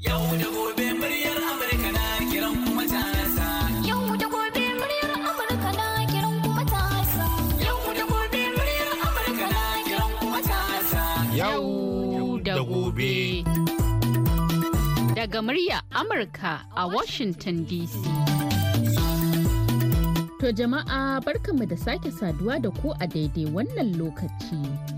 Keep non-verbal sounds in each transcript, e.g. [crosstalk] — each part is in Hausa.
Yau da gobe muryar Amurka na kiran kuma ta Yau da gobe muryar Amurka na kiran kuma ta Yau da gobe muryar Amurka na kiran kuma ta Yau da gobe. Daga muryar Amurka a Washington DC. To jama'a barkanmu da sake saduwa da ku a daidai wannan lokaci.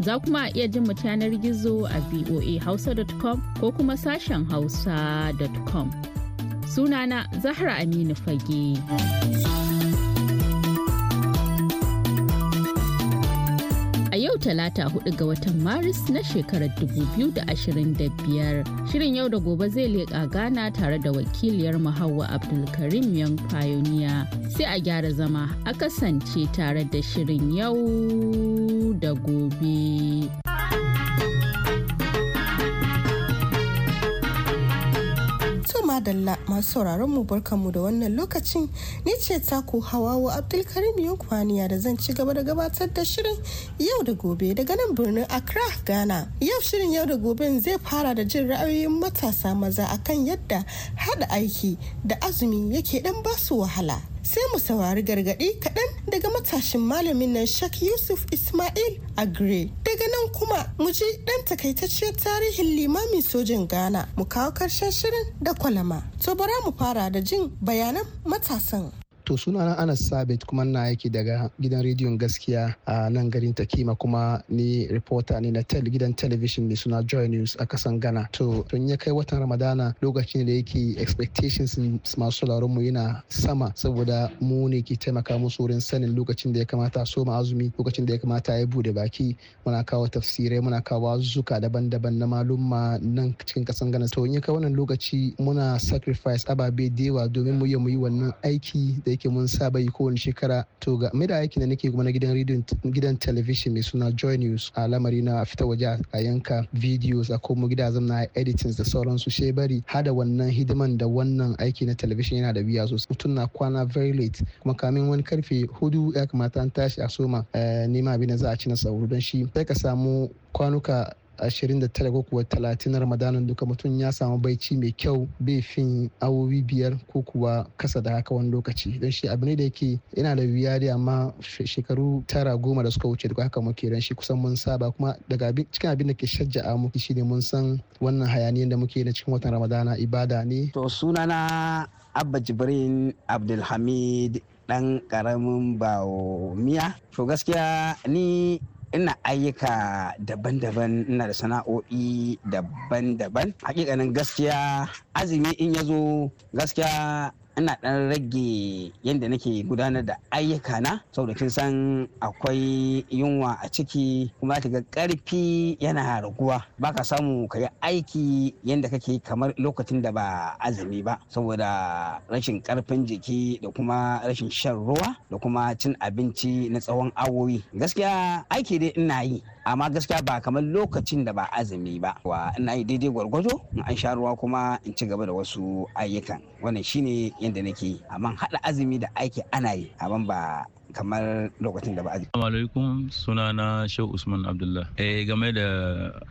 Za kuma a iya jin mu yanar gizo a voahausa.com ko kuma sashen hausa.com. Sunana Zahra Aminu Fage. talata hudu ga watan Maris na shekarar dubu biyu da da ashirin biyar, Shirin yau da gobe zai leƙa Ghana tare da wakiliyar Hauwa Abdulkarim Young Pioneer. Sai a gyara zama a kasance tare da shirin yau da gobe. madalla masu sauraron mu barkanmu da wannan lokacin ni ce taku hawawo abdulkarim yankwaniya da zan ci gaba da gabatar da shirin yau da gobe daga nan birnin accra ghana yau shirin yau da gobe zai fara da jin ra'ayoyin matasa maza akan yadda hada aiki da azumi yake dan basu wahala sai mu saurari gargaɗi kaɗan daga matashin malamin nan Shak Yusuf Ismail Agre. Daga nan kuma mu ji ɗan takaitacciyar tarihin limamin sojin Ghana mu kawo karshen shirin da kwalama. To bara mu fara da jin bayanan matasan. to suna na anas sabit kuma na yake daga gidan rediyon gaskiya a nan garin takima kuma ni reporter ne na gidan television mai suna joy news a kasan ghana to tun ya kai watan ramadana lokacin da yake expectations masu sauraron mu yana sama saboda mu ne ke taimaka musu wurin sanin lokacin da ya kamata so ma azumi lokacin da ya kamata ya bude baki muna kawo tafsirai muna kawo zuka daban-daban na malumma nan cikin kasan ghana to in ya kai wannan lokaci muna sacrifice ababe da domin mu yi wannan aiki da yake mun saba yi kowane shekara to ga mai da aikin na nake kuma na gidan rediyon gidan television mai suna joy news a lamari na fita waje a yanka videos a gida gidajen na editings da sauransu she bari hada wannan hidiman da wannan aiki na television yana da biya sosai mutum na kwana very late kuma kamin wani karfe hudu ya kamata an tashi a soma eh, nema abin da za a ci na sauro don shi sai ka samu kwanuka 29 ko kuwa 30 ramadanin duka mutum ya samu baici mai kyau bai fin awowi biyar ko kuwa kasa da haka wani lokaci don shi abu ne da yake yana da wuya da amma shekaru tara goma da suka wuce duka haka muke ran shi kusan mun saba kuma daga cikin abin da ke shajja'a muke shine mun san wannan hayaniyar da muke na cikin watan ramadana ibada ne. to sunana abba jibrin abdulhamid dan karamin bawo miya to gaskiya ni ina ayyuka daban-daban ina da sana'o'i daban-daban hakikanin gaskiya azumi in ya zo gaskiya ina ɗan rage yadda nake gudanar da ayyuka na saboda kin san akwai yunwa a ciki kuma ta ga karfi yana raguwa ba ka samu ka yi aiki yadda kake kamar lokacin da ba azumi ba saboda rashin ƙarfin jiki da kuma rashin shan ruwa da kuma cin abinci na tsawon awowi gaskiya aiki dai ina yi amma gaskiya ba kamar lokacin da ba azumi ba wa ina yi daidai gwargwado in an sha ruwa kuma in ci gaba da wasu ayyukan wannan shine yadda nake yi amma haɗa azumi da aiki ana yi amma ba kamar lokacin da ba a alaikum na shehu usman abdullah eh game da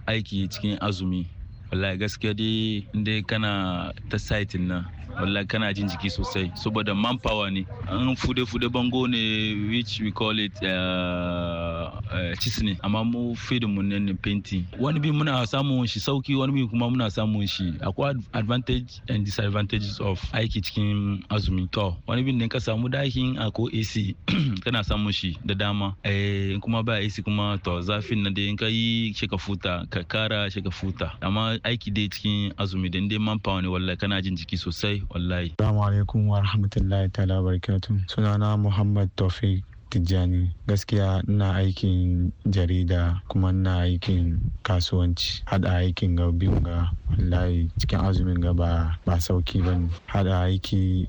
aiki cikin azumi wallahi gaskiya dai inda kana ta site nan wallahi kana jin jiki sosai saboda manpower ne an fude-fude bango ne which we call it uh, uh, cisne amma mu fidin mu ne painting wani bi muna samun shi sauki wani bi kuma muna samun shi akwai advantage and disadvantages of aiki cikin azumi to wani bi ne ka samu dakin ko AC [clears throat] kana samun shi da dama eh kuma ba AC kuma to zafin na dai in ka yi shi ka futa ka kara shi ka futa amma aiki dai cikin azumi dan dai manpower ne wallahi kana jin jiki sosai wallahi Salamu alaikum wa rahmatullahi ta'ala barakatuh sunana muhammad tawfiq Tijjani gaskiya ina aikin jarida kuma ina aikin kasuwanci hada aikin ga biyu ga wallahi cikin azumin ga ba sauki ba ne hada aiki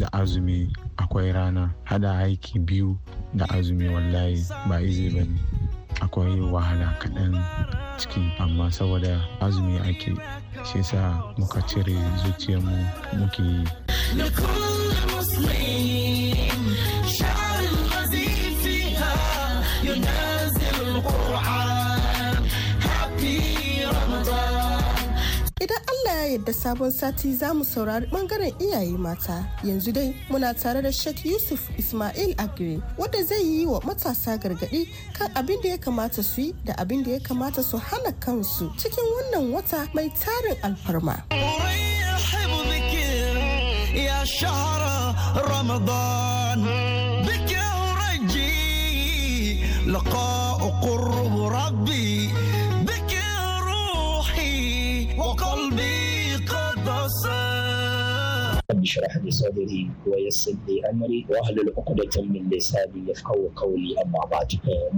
da azumi akwai rana hada aiki biyu da azumi wallahi ba izi ba ne akwai wahala kaɗan ciki amma saboda azumi ake shi yasa muka cire zuciyarmu muke yi. yadda sabon sati za mu saurari bangaren iyaye mata. Yanzu dai muna tare da Sheikh Yusuf Ismail Agri wanda zai yi wa matasa gargadi kan abin da ya kamata su yi da abin da ya kamata su hana kansu cikin wannan wata mai tarin alfarma. يا رب اشرح لي صدري ويسر لي امري واحلل عقدة من لساني amma ba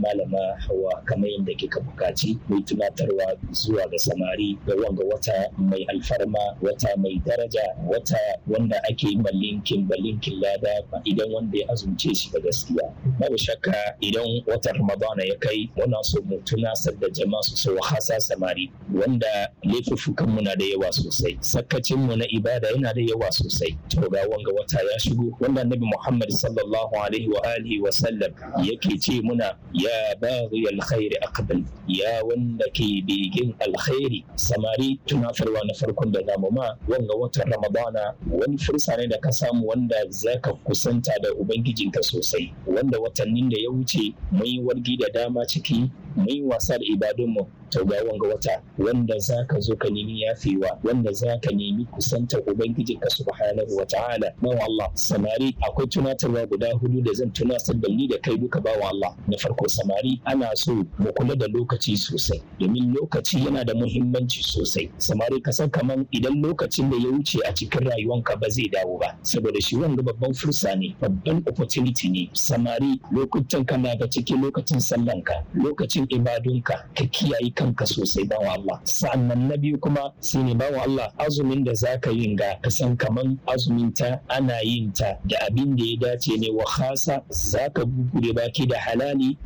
malama hawa kamar yadda kika bukaci mai tunatarwa zuwa ga samari ga wanga wata mai alfarma wata mai daraja wata wanda ake yi malinkin balinkin lada idan wanda ya azumce shi da gaskiya babu shakka idan wata ramadana ya kai muna so mu tunasar da jama'a su so hasa samari wanda laifuffukan mu na da yawa sosai sakacin na ibada yana da yawa sosai sosai to ga wanga wata ya shigo wanda annabi Muhammad sallallahu alaihi wa alihi wa sallam yake ce muna ya baghi alkhairi aqbal ya wanda ke bigin alkhairi samari tunafarwa na farkon da zamu ma wanga watan Ramadana wani fursa ne da ka samu wanda zaka kusanta da ubangijinka sosai wanda watannin da ya wuce mun yi wargi da dama ciki mun yi wasa da ibadunmu to ga wanga wata wanda zaka zo ka nemi yafewa wanda zaka nemi kusantar ubangijinka subhanahu subhanahu wa ta'ala bawa Allah samari akwai tunatarwa guda hudu da zan tunasar da ni da kai duka bawa Allah na farko samari ana so mu kula da lokaci sosai domin lokaci yana da muhimmanci sosai samari ka san kaman idan lokacin da ya wuce a cikin rayuwanka ba zai dawo ba saboda shi wanda babban fursa ne babban opportunity ne samari lokutan kana da cikin lokacin sallanka lokacin ibadunka ka kiyaye kanka sosai bawa Allah sa'annan na biyu kuma shine bawa Allah azumin da zaka yi ga ka san kaman wannan azumin ta ana yin ta da abin da ya dace ne wa khasa zaka bude baki da halali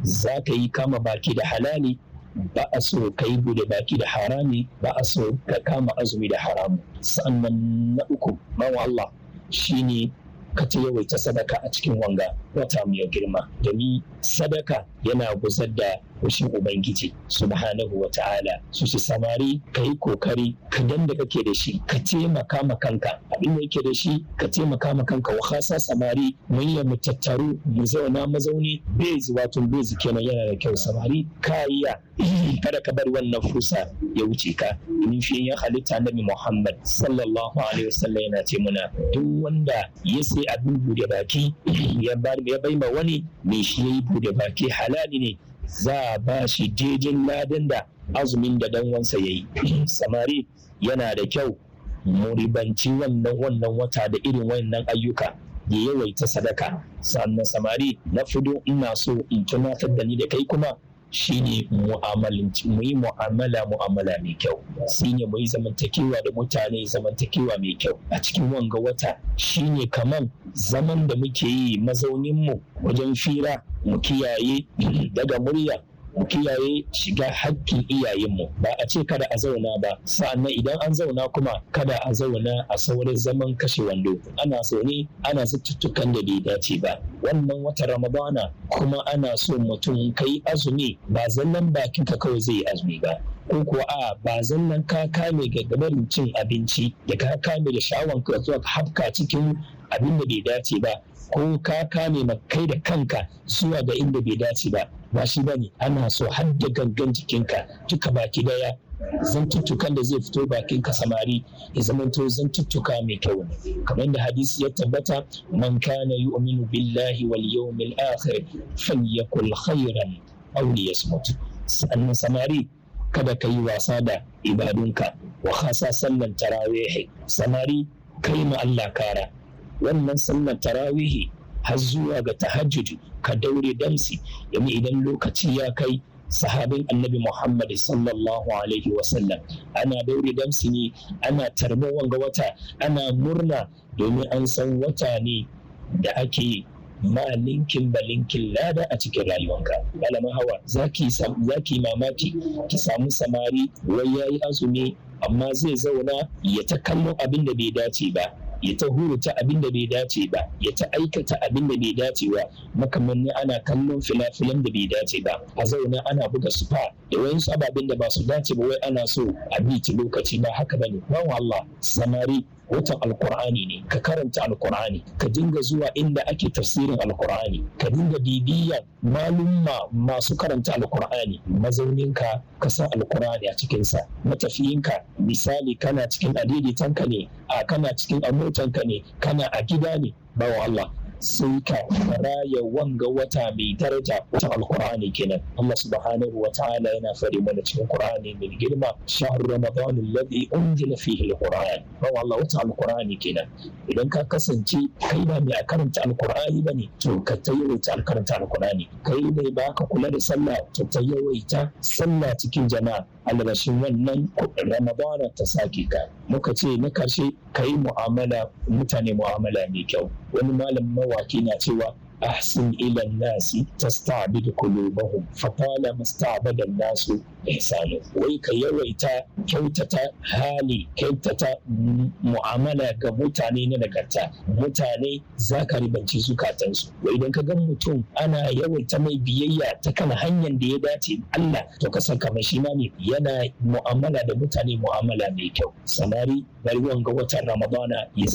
ka yi kama baki da halali ba a so ka yi bude baki da harami ba a so ka kama azumi da haramu sannan na uku bawa Allah shine ka ta yawaita sadaka a cikin wanga wata mai girma domin sadaka yana gusar da fushin ubangiji subhanahu wa ta'ala su ci samari ka yi kokari ka dan da kake da shi ka taimaka ma kanka abin da yake da shi ka taimaka ma kanka wa samari mun yi mu tattaru mu zauna mazauni bezi bai bezi kenan yana da kyau samari ka iya eh, kada ka bar wannan fusa ya wuce ka domin shi ya halitta annabi Muhammad sallallahu alaihi wasallam yana ce muna duk wanda ya sai abin bude baki ya bar da ya baima wani mai shi ya yi bude baki halali ne za a ba shi jejin ladin da azumin da dan wansa ya yi [clears throat] samari yana da kyau mu ribanci wannan wannan wata da irin wannan ayyuka ya yawaita sadaka sannan samari na fido ina so in tunatar da ni da kai kuma shine mu'amalanci mu yi mu'amala mu'amala mai kyau sai ne yi zamantakewa da mutane zamantakewa mai kyau a cikin wanga wata shine kaman zaman da muke yi mazaunin mu wajen fira mu kiyaye daga murya mu kiyaye shiga hakkin iyayenmu ba a ce kada a zauna ba sa'annan idan an zauna kuma kada a zauna a saurin zaman kashe wando ana zaune ana zututtukan da bai dace ba wannan wata ramadana kuma ana so mutum kai azumi ba zallan ka kawai zai azumi ba ko kuwa a ba zallan ka kame ga gabarin cin abinci da ka kame da shawon ka zuwa hafka cikin abin da bai dace ba ko ka kame ma kai da kanka zuwa ga inda bai dace ba ba shi ba ne ana so har da gangan jikinka duka baki daya zantuttukan da zai fito bakin ka samari ya zama zan zantuttuka mai kyau ne kamar da hadisi ya tabbata man kana yu'minu billahi wal yawmil akhir falyakul khairan aw liyasmut sannan samari kada ka yi wasa da ibadunka wa khasa sallan tarawih samari kai ma Allah kara wannan sallan tarawih har zuwa ga tahajjudi ka daure damsi domin idan lokaci ya kai sahabin annabi Muhammad sallallahu alaihi wasallam ana daure damsi ne ana tarban wanga wata ana murna domin an san wata ne da ake ma linkin ba linkin lada a cikin rayuwanka malamin hawa za ki mamaki ki samu samari wai ya yi azumi amma zai zauna ya ta kallon abin da bai dace ba ya ta hurta abin da bai dace ba ya ta aikata abin da bai dace ba makamanni ana kallon filafilan da bai dace ba a zauna ana buga sufa da su ababen da ba su dace ba wai ana so a bi lokaci ba haka bane ba Allah samari watan alkur'ani ne ka karanta alkur'ani ka dinga zuwa inda ake tafsirin alkur'ani ka dinga bibiyan malumma masu karanta alkur'ani mazauninka ka sa alkur'ani a cikinsa matafiyinka misali kana cikin adidi tanka ne a kana cikin amotanka ne kana a gida ne bawa Allah sai ka raya wanga wata mai daraja wata alkur'ani kenan Allah subhanahu wa ta'ala yana fari mana cikin qur'ani mai girma shahru ramadan alladhi unzila fihi alqur'an ba Allah wata alkur'ani kenan idan ka kasance kai ba mai karanta alkur'ani bane to ka tayyawaita karanta alkur'ani kai ne ba ka kula da sallah to tayyawaita sallah cikin jama'a albashin wannan ramadan ta sake ka muka ce na karshe ka yi mu'amala mutane mu'amala mai kyau wani malam mawaki na cewa أحسن إلى الناس تستعبد قلوبهم فطالما استعبد الناس إحسانه ويك يويتا كوتتا هالي كوتتا معاملة كمتاني ننكتا متاني زاكري بنتي زكاتنسو وإذا كغمتون أنا يويتا مي بيئيا تكن هنيا ديداتي ألا تكسر كمشيماني ينا معاملة دمتاني معاملة ميكو سماري bari wanga رمضانا Ramadana ya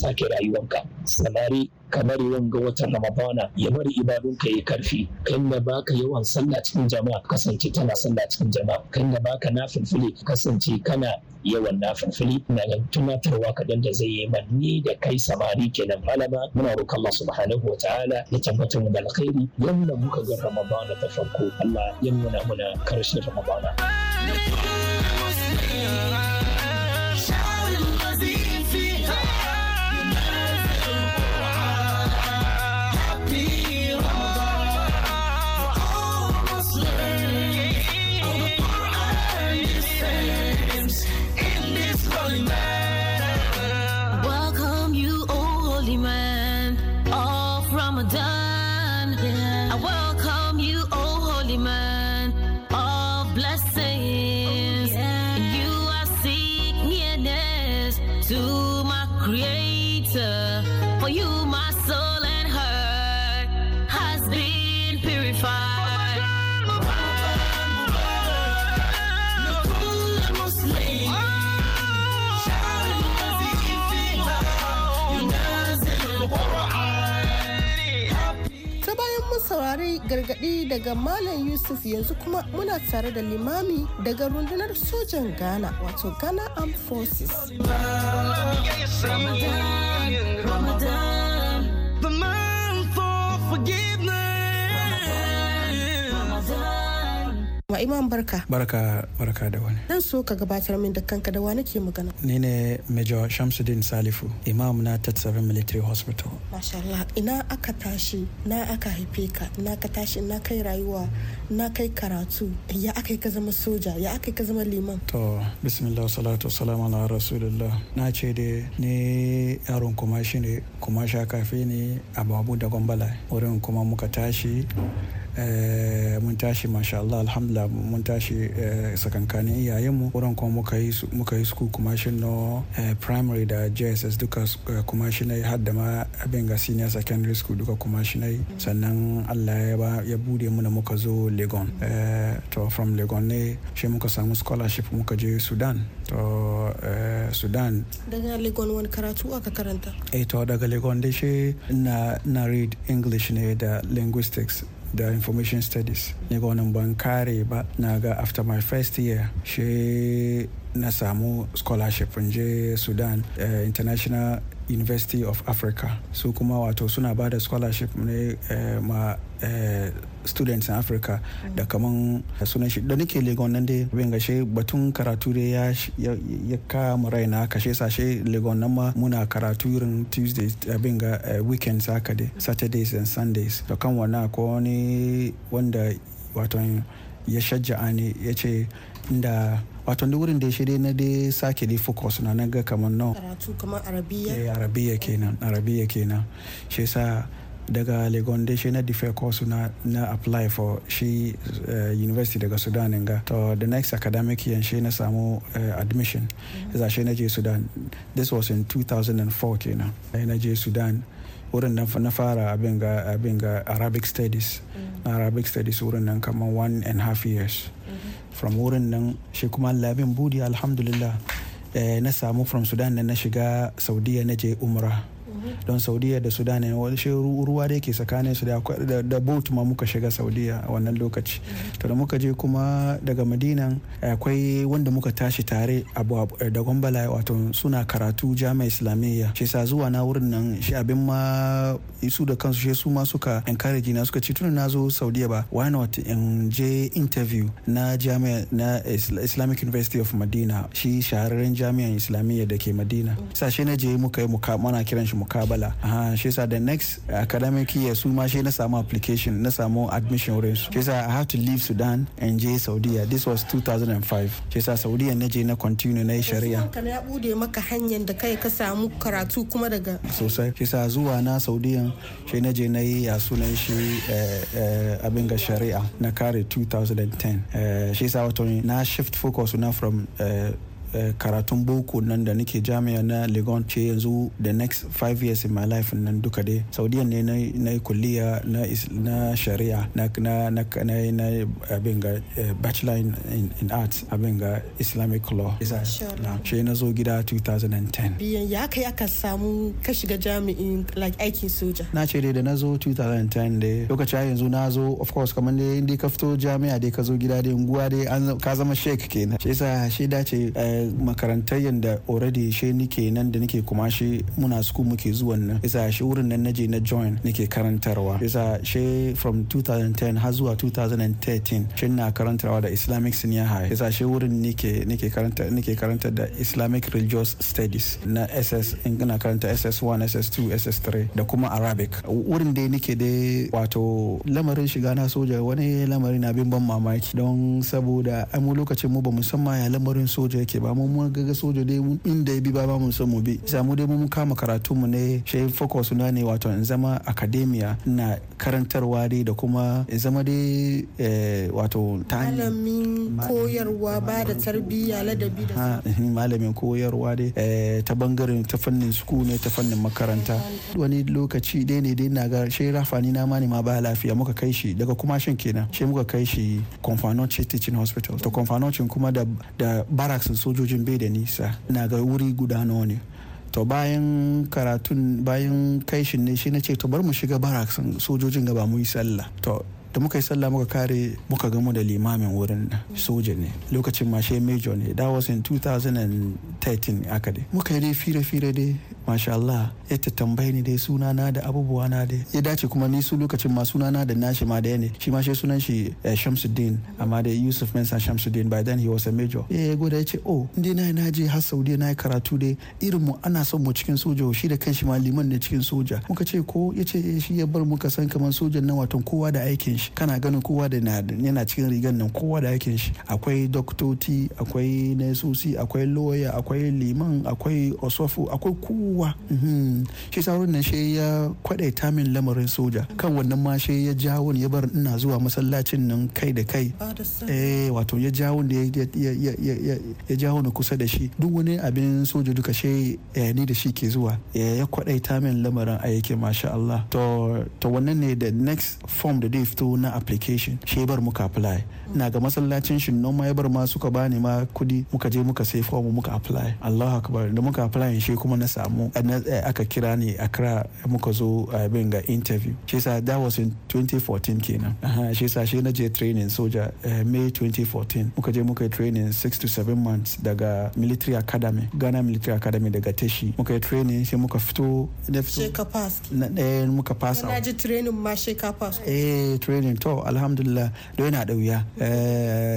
سماري كمريوان sanari رمضانا wanga bari ibadunka yi karfi kan da baka yawan sallah cikin jama'a kasance kana sallah cikin jama'a kan da baka nafilfili kasance kana yawan nafilfili na da tunatarwa kadan da zai yi manni da kai samari kenan malama muna roƙon Allah subhanahu wa ta'ala ya tabbatar mu da alkhairi yanda muka ga Ramadan ta farko Allah ya nuna muna karshen Ramadan. saurari gargadi daga Malam Yusuf yanzu kuma muna tare da limami daga rundunar sojan Ghana wato Ghana Armed Forces. Ramadan, Ramadan. Imam barka. Barka barka da wani. Dan so ka gabatar min da kanka da wani ke magana. Ni ne Major Shamsuddin Salifu, Imam na Tatsara Military Hospital. Masha Allah, ina aka tashi, na aka haife ka, na ka tashi, na kai rayuwa, na kai karatu, ya aka ka zama soja, ya aka ka zama liman. To, bismillah salatu salamu ala rasulullah. Na ce da ni yaron kuma shine ne, kuma sha kafe ne a babu da gombala. Wurin kuma muka tashi Eh, mun tashi masha Allah alhamdulillah mun tashi eh, sakankanin iyayenmu wurin kuma muka yi school shi no eh, primary da JSS duka shi na har da ma abin ga senior secondary school duka shi na sannan Allah ya bude muna muka zo Legon to from Legon ne shi muka samu scholarship muka je Sudan to Sudan daga Legon wani karatu aka karanta eh to daga Legon dai shi na read English ne da linguistics da information studies ni ga wannan ban kare ba na ga after my first year she na samu scholarship in je sudan uh, international university of africa su so, kuma wato suna ba da scholarship ne uh, ma uh, students in africa da kaman sunan shi da nake legon nan dai bin gashe batun karatu dai ya ya kama raina kashe sashe legon nan ma muna karatu irin tuesdays abin ga eh, weekends haka dai saturdays and sundays to kan wannan ko wani wanda wato ya shajja ne ya ce inda wato da wurin da ya shirya na dai sake dai focus na naga kamar nan karatu kamar arabiya eh arabiya kenan arabiya kenan shi yasa daga legon dai shi na defer course na na apply for shi eh, university daga sudan ga to the next academic year shi na samu eh, admission mm-hmm. za shi na je sudan this was in 2004 kenan eh, na je sudan wurin na fara abin ga abin ga arabic studies mm-hmm. na arabic studies wurin nan kamar one and half years mm-hmm. from wurin nan shi kuma labin budi alhamdulillah na samu from sudan na shiga saudiya na je umra don saudiya da sudan ne wani ruwa da yake tsakanin su da boat ma muka shiga saudiya a wannan lokaci to da muka je kuma daga madinan akwai wanda muka tashi tare abu da bala wato suna karatu jami'a islamiyya shi sa zuwa na wurin nan shi abin ma su da kansu shi su ma suka encourage na suka ci tun na zo saudiya ba why not in je interview na jami'a na islamic university of madina shi shahararren jami'an islamiyya da ke madina sashe na je muka yi mana kiran shi mukabala aha shi yasa the next academic year su ma shi na samu application na samu admission wurin su shi yasa i have to leave sudan and je saudiya this was 2005 shi yasa saudiya na je na continue na yi shari'a ka ya bude maka hanyar da kai ka samu karatu kuma daga sosai shi yasa zuwa na saudiya shi na je na yi ya sunan shi eh, eh, abin ga shari'a na kare 2010 eh, shi yasa wato na shift focus na from Eh, karatun boko nan da nake jami'a na legon ce yanzu the next five years in my life nan duka dai saudiya ne na kulliya na shari'a na na na abin ga eh, bachelor in arts abin ga islamic law ce na zo gida 2010 biyan ya kai aka samu ka shiga jami'in like aikin soja na ce dai da na zo 2010 dai lokaci yanzu na zo of course kamar dai inda ka fito jami'a dai ka zo gida dai unguwa dai ka zama sheik kenan shi yasa shi dace eh, makarantar yadda already she nike nan da nike kuma shi muna suku muke zuwan nan isa shi wurin nan naje na join nike karantarwa isa she from 2010 har zuwa 2013 shi na karantarwa da Islamic Senior High isa shi wurin nike nike karanta nike karanta da Islamic Religious Studies na SS in kana karanta SS1 SS2 SS3 da kuma Arabic wurin dai nike dai wato lamarin shiga na soja wani lamari na bin ban mamaki don saboda mu lokacin mu ba musamman ya lamarin soja yake ba amma mun ga sojo dai mun inda ya bi baba mun so mu bi samu dai mun kama karatu mu ne shi focus na ne wato in zama academia na karantarwa dai da kuma in zama dai eh, wato ta malamin koyarwa ba da tarbiyya ladabi da eh, malamin koyarwa dai eh, ta bangaren ta fannin suku ne ta fannin makaranta wani lokaci dai ne dai na ga shi rafani na ma ne ma ba lafiya muka kai shi daga kuma shin kenan shi muka kai shi Konfanocin teaching hospital to Konfanocin kuma da barracks sojoji sojojin bai da nisa na ga wuri guda nawa ne to bayan karatun bayan kai shi ne shi na ce to bar mu shiga barracks sojojin gaba mu yi sallah to da muka yi sallah muka kare muka gamu da limamin wurin soja ne lokacin mashe major ne that was in 2013 aka dai muka yi dai fire-fire dai masha Allah ya ta tambaye ni dai sunana da abubuwa na dai ya dace kuma ni su lokacin ma sunana da nashi ma daya ne shi ma shi sunan shi eh, Shamsuddin amma da Yusuf Mensah Shamsuddin by then he was a major eh ya goda ya ce oh inda na na je har Saudi na yi karatu dai irin mu ana son mu cikin soja shi da kanshi ma liman ne cikin soja muka ce ko ya ce eh, shi ya bar muka san kaman sojan nan wato kowa da aikin shi kana ganin kowa da yana cikin rigan nan kowa da aikin shi akwai doktoti akwai nesosi akwai lawyer akwai liman akwai osofu akwai ku. abubuwa. Mhm. shi sauran nan shi ya kwadaita min lamarin soja kan wannan ma shi ya jawo ya bar ina zuwa masallacin nan kai da kai eh wato ya jawo da ya jawo na kusa da shi duk wani abin soja duka shi eh, ni da shi ke zuwa eh, ya kwadaita min lamarin aiki masha Allah to wannan ne da next form da dai fito na application shi bar muka apply na ga masallacin shi ma ya bar ma suka bani ma kudi muka je muka sai form muka apply Allahu akbar da muka apply shi kuma na samu mu eh, eh, aka kira ni accra muka zo abin eh, ga interview shi sa that was in 2014 kenan shi sa shi na je training soja may 2014 muka je muka yi training 6 to 7 months daga military academy ghana military academy daga teshi muka yi training sai muka fito na fito ka pass na eh muka pass na ji training ma shi pass eh training to alhamdulillah don yana da wuya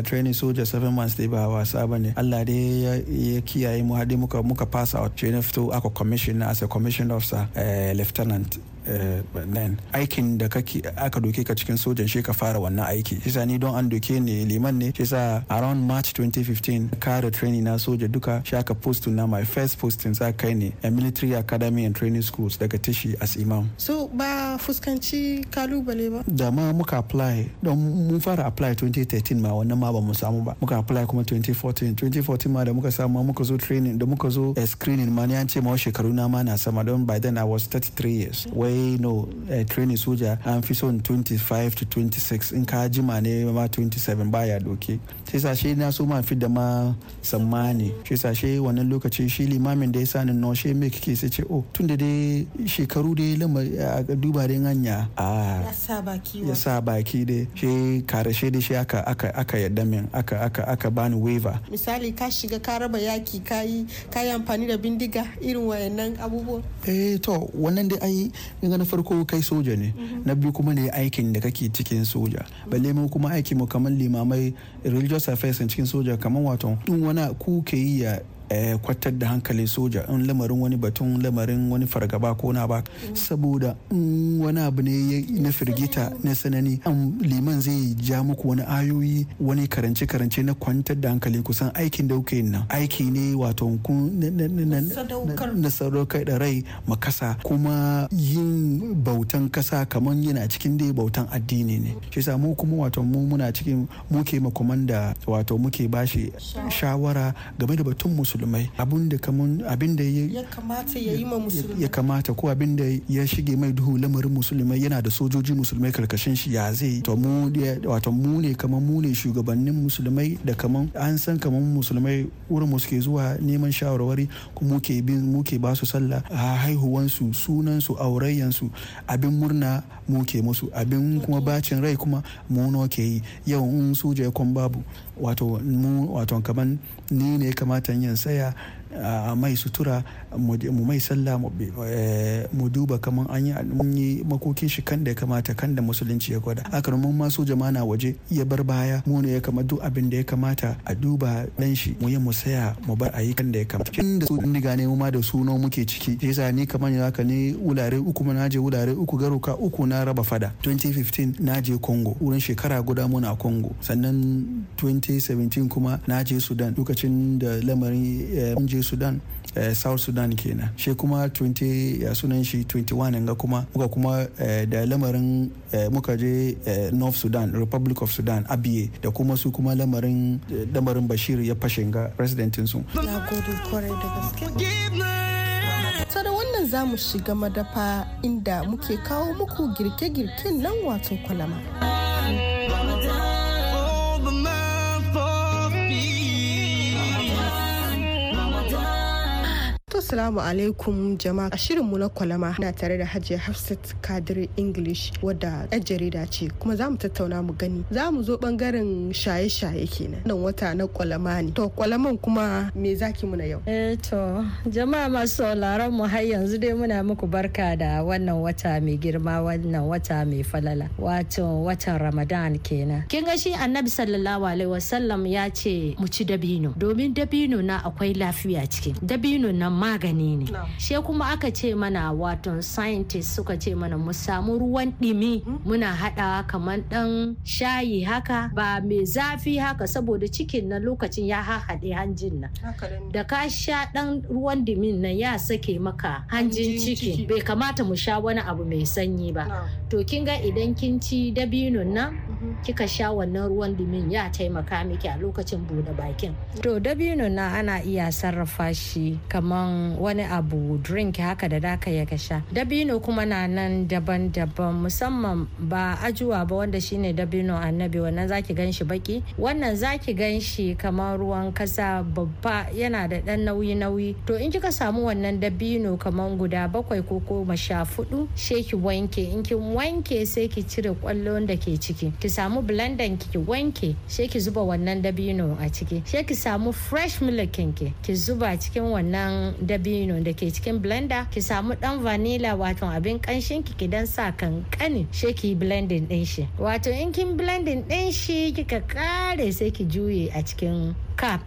training soja 7 months dai ba wasa bane Allah dai ya kiyaye mu har muka muka pass out sai na fito aka commit commissioner as a commissioned officer, uh, lieutenant. Eh, aikin da kake aka doke ka cikin sojan shi ka fara wannan aiki yasa ni don an doke ne liman ne sa around march 2015 kare training na soja duka shi aka post na my first posting sa kai ne a military academy and training schools daga tashi as imam so ba fuskanci kalubale ba da ma muka apply don mun fara apply 2013 ma wannan ma ba mu samu ba muka apply kuma 2014 2014 ma da muka samu muka zo training da muka zo eh, screening ma ni an ce ma shekaru na ma na sama don by then i was 33 years ai eh, no eh, training soja an fi son 25 to 26 in ka jima ne ma 27 baya doke sai sashe na so ma fi da ma tsammani shi sashe wannan lokaci shi limamin da ya sani no she me kike sai ce oh tun da dai shekaru dai lama duba da hanya ah. a ya sa baki dai shi karashe da shi aka yadda min aka bani waiver misali ka shiga ka raba yaki kayi kayi amfani da bindiga irin wayannan abubuwa eh to wannan dai ai na farko kai soja ne mhm. na biyu kuma ne aikin da kake cikin soja balle mu kuma aiki mu kamar limamai religious lissafa ya cikin soja kamar wato duk wani ku ke yi ya Eh, kwatar da hankali soja in lamarin wani batun lamarin wani fargaba ko na ba saboda in wani abu ne na firgita na sanani an liman zai ja muku wani ayoyi wani karance karance na kwantar da hankali kusan aikin da kuke nan aiki ne wato na sadaukar da rai makasa kuma yin bautan kasa kamar yana cikin dai bautan addini ne shi yasa mu kuma wato mu muna cikin muke makomanda wato muke bashi shawara game da batun musu musulmai abin da ya kamata ya yi ma musulmai ya kamata ko abin da ya shige mai duhu lamarin musulmai yana da sojoji musulmai karkashin shi ya zai to mu wato mu ne kaman mu ne shugabannin musulmai da kaman an san kaman musulmai wurin mu suke zuwa neman shawarwari kuma muke bin muke ba su sallah su sunansu su abin murna muke musu abin kuma bacin rai kuma mu ke yi yau in soja ya kwan babu wato mu wato kaman ni ne kamata yin saya a ah, mai sutura mu mai sallah mu eh, duba kamar an yi makokin shi kan da ya kamata kan da musulunci ya gwada haka mun ma soja ma na waje ya bar baya mu ne ya kama duk abin da ya kamata a duba dan shi mu yi mu saya mu bar ayi kan da ya kamata da su ni gane mu ma da suno muke ciki shi yasa ni kaman haka ni wulare uku mun haje wulare uku garuka uku na raba fada 2015 na je Congo wurin shekara guda muna Congo sannan 2017 kuma na je Sudan lokacin da lamarin eh, mun je Sudan eh, South Sudan 29 kenan shi kuma 20 ya sunan shi 21 ga kuma muka kuma eh, da lamarin eh, muka je eh, north sudan republic of sudan abiye da kuma su kuma lamarin lamarin bashir ya fashe ga presidentin su na ta da wannan za mu shiga madafa inda muke kawo muku girke-girken nan wato kwalama. Assalamu alaikum jama'a a shirinmu na kwalama na tare da Hajiya Hafsat Kadir English wadda yar jarida ce kuma za mu tattauna mu gani za mu zo bangaren shaye-shaye kenan nan wata na kwalama ne to kwalaman kuma me zaki muna yau eh to jama'a masu sauraron mu har yanzu dai muna muku barka da wannan wata mai girma wannan wata mai falala wato watan Ramadan kenan kin ga shi Annabi sallallahu alaihi wasallam ya ce mu ci dabino domin dabino na akwai lafiya cikin. dabino na ma magani ne she kuma aka ce mana wato scientist suka ce mana mu samu ruwan ɗimi hmm? muna haɗawa kamar ɗan shayi haka ba mai zafi haka saboda cikin na lokacin ya haɗe hanjin nan da ka sha ɗan ruwan ɗimin nan ya sake maka hanjin ciki bai kamata mu sha wani abu mai sanyi ba to kin ga idan kin ci dabinon nan mm-hmm. kika sha wannan ruwan ɗimin ya taimaka miki a lokacin buɗe bakin mm-hmm. to dabinon nan ana iya sarrafa shi kamar. wani abu drink haka da daka ya ka sha dabino kuma na nan daban-daban musamman ba ajuwa ba wanda shine dabino annabi wannan zaki gan shi baki wannan zaki gan shi kamar ruwan kasa babba yana da dan nauyi-nauyi to in kika samu wannan dabino kamar guda bakwai ko goma sha fudu sai ki wanke in ki wanke sai ki cire kwallon da ke ciki ki samu blender ki wanke sai ki zuba wannan dabino a ciki sai ki samu fresh milk ki ki zuba cikin wannan dabino da ke cikin blender ki samu dan vanilla wato abin kanshin ki ki dan sa kankanin sai ki blending din shi wato in kin blending din shi kika kare sai ki juye a cikin cup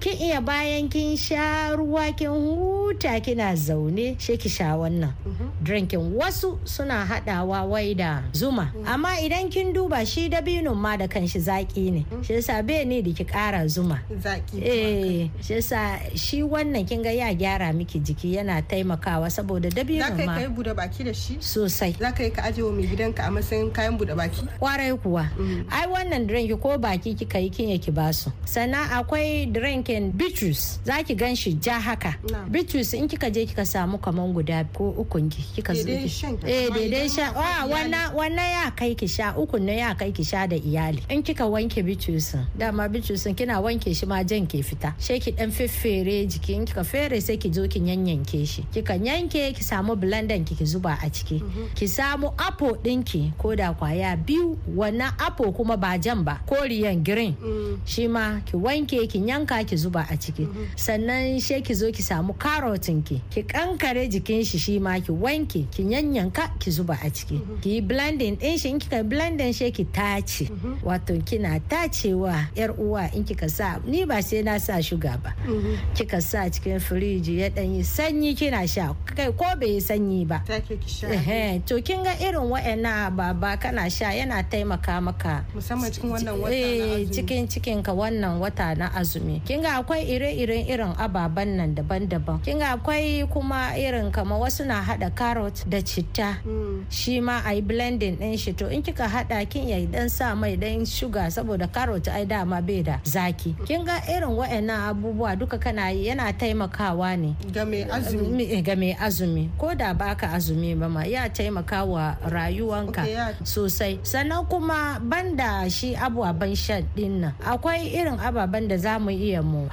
ki iya bayan kin sha ruwa kin huta kina zaune sai ki sha wannan mhm. drinkin wasu suna hadawa wai da zuma mm. amma idan kin duba shi dabinon ma da kanshi zaki ne mm. shi yasa bai ne da ki kara zuma zaki eh shi yasa shi wannan kin ga ya gyara miki jiki yana taimakawa saboda dabino ma. Za ka yi buɗe baki da shi? Sosai. Za ka yi ka ajiye mai gidanka a matsayin kayan buɗe baki? Kwarai kuwa. Mm. Ai wannan drink ko baki kika yi kin ki basu. Sannan akwai drinkin bitrus za ki gan shi ja haka. Bitrus in kika je kika samu kaman guda ko ukun ki kika zuki. Eh daidai shan. Ah, wannan ya kai ki sha ukun ne ya kai ki sha da iyali. In kika wanke bitrus dama bitrus kina wanke shi ma jan ke fita. Sai ki dan feffere jiki in kika fere sai ki zo ki yanyanke shi kika yanke ki samu blender ki zuba a ciki mhm. ki samu apo dinki ko da kwaya biyu wannan apo kuma ba jan ba koriyan green mm. shi ma ki wanke ki yanka ki zuba a ciki mhm. sannan she ki zo ki samu karotin ki ki kankare jikin shi shi ma ki wanke ki yanyanka ki zuba a ciki mhm. ki yi blending din shi in kika blending she ki tace wato kina tacewa yar uwa in kika sa ni ba sai na sa shuga ba kika sa cikin firiji ya dan yi sanyi kina sha kai ko bai yi sanyi ba to kin ga irin wa'annan ababa kana sha yana taimaka maka musamman cikin wannan wata na eh, azumi cikin cikin ka wannan wata na azumi kin ga akwai ire-iren irin ababan nan daban-daban kin ga akwai kuma irin kama wasu na hada carrot da citta hmm. shi ma a yi blending din shi to in kika hada kin ya dan sa mai dan shuga saboda carrot ai dama bai da zaki kin ga irin wa'annan abubuwa duka kana yi yana taimakawa ne ga mai eh, azumi ko da baka azumi ba ma ya taimaka wa rayuwanka sosai sannan kuma banda shi ababen shan din nan akwai irin ababen da za mu iya mu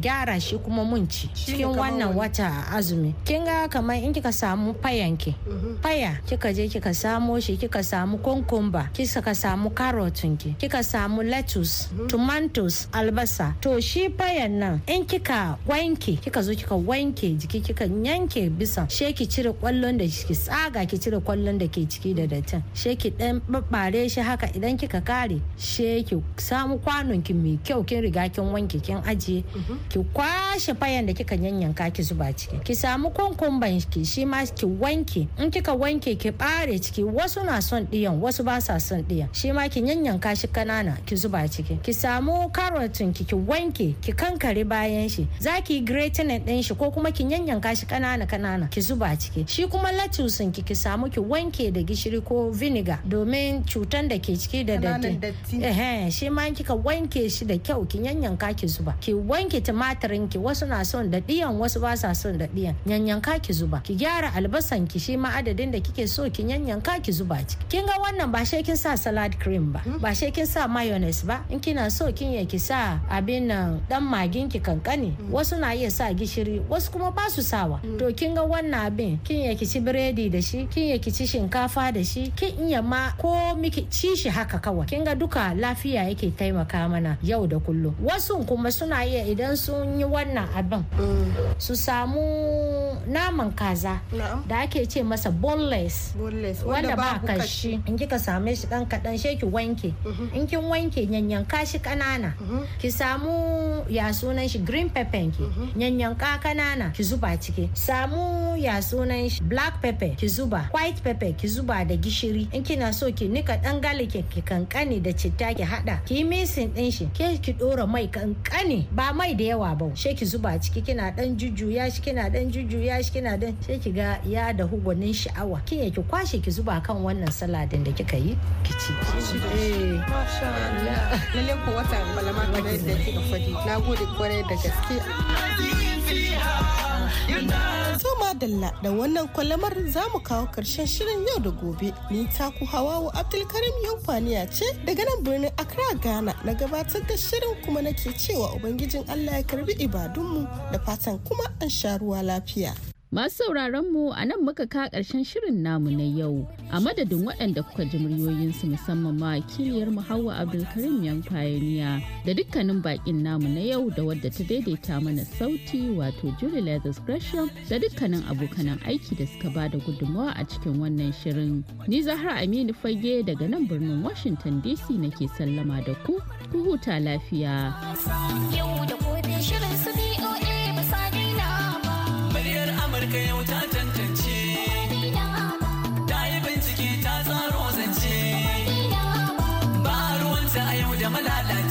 gyara shi kuma mun ci cikin wannan wata azumi kin ga kamar in kika samu ki mm-hmm. faya kika je kika samo shi kika samu kunkumba kika samu karotinki kika samu lettuce mm-hmm. tomatoes albasa to shi fayan nan in kika wanke kika zo kika wanke yanke jiki kikan yanke bisa sheki cire kwallon da ki tsaga ki cire kwallon da ke ciki da datin sheki ki dan babbare shi haka idan kika kare sheki samu kwanon ki mai kyau kin riga kin wanke kin ajiye mhm. ki kwashe fayan da kika yanyanka ki zuba ciki ki samu kwankwamban ki shi ma ki wanke in kika wanke ki bare ciki wasu na son diyan wasu ba sa son diyan shi ma ki yanyanka shi kanana ki zuba ciki ki samu karotin ki ki wanke ki kankare bayan shi zaki yi gratining din shi ko ko kuma ki yanyanka shi kanana kanana ki zuba ciki shi kuma latusin ki ki samu ki wanke da gishiri ko vinegar domin cutan da ke ciki da datti eh shi ma kika wanke shi da kyau ki yanyanka ki zuba ki wanke tumatirin ki wasu na son da diyan wasu ba sa son da diyan yanyanka ki zuba ki gyara albasan ki shi ma adadin da kike so ki yanyanka ki zuba ciki kin ga wannan ba shi kin sa salad cream ba hmm? ba shi kin sa mayonnaise ba in kina so kin ya ki sa abin nan dan magin ki kankani hmm. wasu na iya sa gishiri wasu kuma ba su sawa to kin ga wannan abin kin ya ci biredi da shi kin ya ci shinkafa da shi kin iya ma ko miki ci shi haka kawai kin ga duka lafiya yake taimaka mana yau da kullum wasu kuma suna iya idan sun yi wannan abin su samu naman kaza da ake ce masa boneless wanda ba kashi in kika same shi dan kadan she ki wanke mhm. in kin wanke yanyanka shi kanana mhm. ki samu ya sunan shi green pepper ki mhm. yanyanka kanana banana ki zuba ciki samu ya sunan shi black pepper ki zuba white pepper ki zuba da gishiri in kina so ki nika dan galike ki kankane da citta ki hada ki misin din shi ke ki dora mai kankane ba mai da yawa ba she ki zuba ciki kina dan jujjuya shi kina dan jujjuya shi kina dan she ki ga ya da hugunin sha'awa ki ki kwashe ki zuba kan wannan saladin da kika yi ki ci eh masha Allah lalle ko wata malama kamar yadda kika fadi nagode kwarai da gaske dalla da wannan kwalamar za mu kawo karshen shirin yau da gobe ni taku hawawu abdulkarim yankwaniya ce daga nan birnin accra ghana na gabatar da shirin kuma nake cewa ubangijin allah ya karbi ibadunmu da fatan kuma an sha ruwa lafiya Masu sauraron mu a nan muka ka ƙarshen shirin namu na yau a madadin waɗanda kuka ji muryoyinsu musamman ma kiliyar mu Hauwa Abdulkarim yan fayaniya da dukkanin bakin namu na yau da wadda ta daidaita mana sauti wato Julie Leathers Gresham da dukkanin abokanan aiki da suka ba da gudunmawa a cikin wannan shirin. Ni Zahra Aminu Fage daga nan birnin Washington DC nake sallama da ku, ku huta lafiya. Yau da